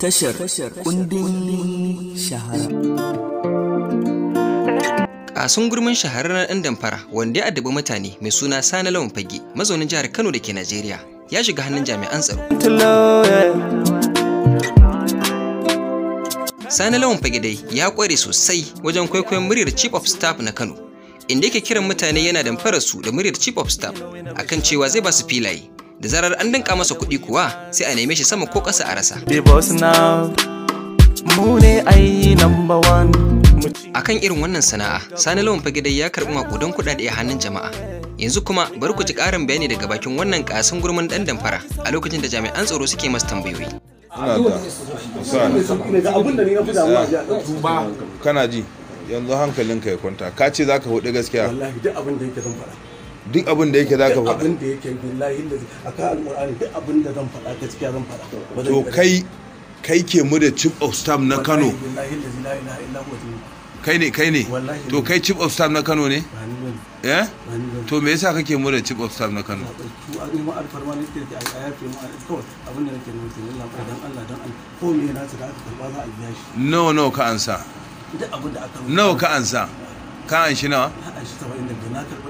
tashar kundin shahara. Kasun gurmin shahararren ɗan damfara wanda ya addabi mutane mai suna Sani Lawan Fage mazaunin jihar Kano da ke Najeriya ya shiga hannun jami'an tsaro. Sani Lawan Fage dai ya kware sosai wajen kwaikwayon muryar Chief of Staff na Kano inda yake kiran mutane yana damfarar su da muryar Chief of Staff akan cewa zai ba su filaye da zarar an dinka masa kuɗi kuwa sai a neme shi sama ko ƙasa a rasa a kan irin wannan sana'a sani lawan fagidai ya karɓi makudan kuɗaɗe a hannun jama'a yanzu kuma bari ku ji ƙarin bayani daga bakin wannan ƙasan gurman ɗan damfara a lokacin da jami'an tsaro suke masa tambayoyi kana ji yanzu hankalinka ya kwanta ka ce za ka hudu gaskiya wallahi duk abin da yake zan faɗa duk abin da yake za ka faɗa abin da yake billahi da a kan duk abin da zan faɗa gaskiya zan faɗa to kai kai ke mu da chief of staff na Kano kai ne kai ne to kai chief of staff na Kano ne eh to me yasa kake mu da chief of staff na Kano to a kuma alfarma ne ke a yafe mu to abin da nake nufi Allah dan Allah dan Allah ko me yana tsara ka karba za a biya shi no no ka ansa duk abin da aka nawa ka ansa ka an shi nawa a shi 70 da na karba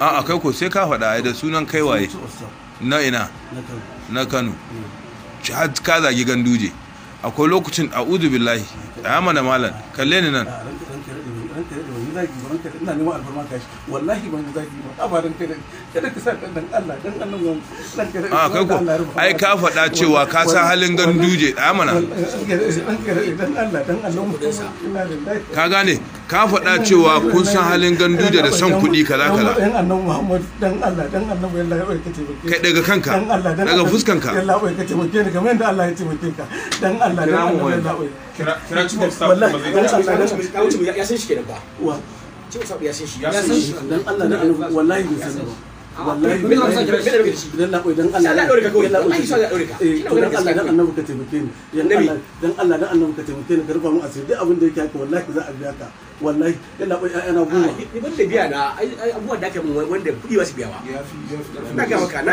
a akwai ko sai ka faɗa da sunan kai waye na ina na kano mm. ka zagi ganduje akwai lokacin a'udu billahi a yamma da malam kalle ni nan zagi ban ka ina neman alfarma ka wallahi ban ga zagi ba abadan kai kada ka sa dan Allah dan Allah wan dan ka a ah, kai ko ai ka faɗa cewa ka san halin ganduje da amana dan Allah dan Allah mu ka gane ka faɗa cewa kun san halin gan duje da san kuɗi kaza kaza dan annabi Muhammad dan Allah dan annabi wallahi bai kace ba kai daga kanka daga fuskanka wallahi bai kace ba kai kamar yadda Allah ya ce ka dan Allah dan Allah wallahi kira kira ci ba wallahi dan Allah ya san shi kenan ba cikin sabu ya san shi ya san shi dan Allah da annabi wallahi bai san ba ah, wallahi bai san shi dan Allah dan Allah dan Allah eh, dan Allah dan annabi ka taimake ni dan Allah dan Allah dan annabi ka taimake ni ka mu asiri duk abin da yake haka wallahi za a biya ka wallahi yana kwai ƴaƴana goma ah, ban da biya na abubuwa da aka mun wanda kuɗi ba su biya ba na ga maka na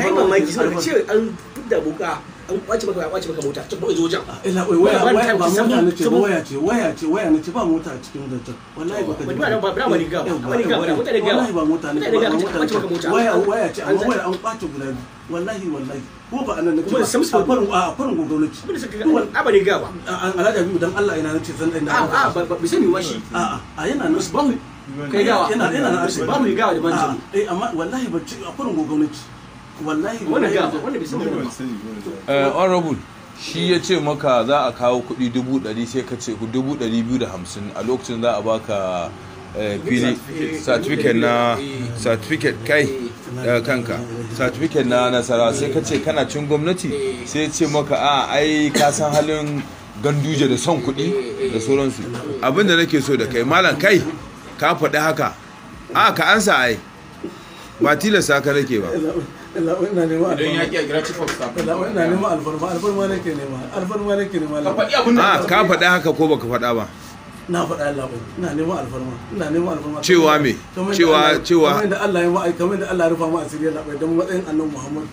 yi mamaki saboda ce an fidda buka an kwace maka ya kwace maka mota to bai wajen illa oi waya waya ba mota nace ba waya ce waya ce waya nace ba mota a cikin zancan wallahi baka ji ba ba ba riga ba riga ba mota da gawa wallahi ba mota nace ba mota waya waya ce waya an kwace guda wallahi wallahi ko ba anan nake ba a farin a farin gogo nake a ba riga ba alhaji abibu dan Allah ina nace zan ina a a bi sani wa shi a a yana nan ba kai gawa yana yana nan ba mu da eh amma wallahi ba a farin wallahi wani wani bisa eh, shi ya ce maka za a kawo kuɗi dubu dari sai ka ce dubu dari biyu da hamsin a lokacin za a baka eh, fili certificate na eh. certificate kai daga kanka certificate na nasara sai ka ce kana cin gwamnati sai ce maka a ai ka san halin ganduje da son kuɗi da sauransu abin da nake so da kai malam kai ka faɗi haka a ka ansa ai ba tilasta ka nake ba Allah ina nema alfarma. Idan a Ka faɗi ah, ka faɗa haka ko baka faɗa ba. na faɗa Allah ina neman alfarma cewa me cewa cewa kamar da Allah ya rufa mu asiri Allah bai dan matsayin annabi Muhammad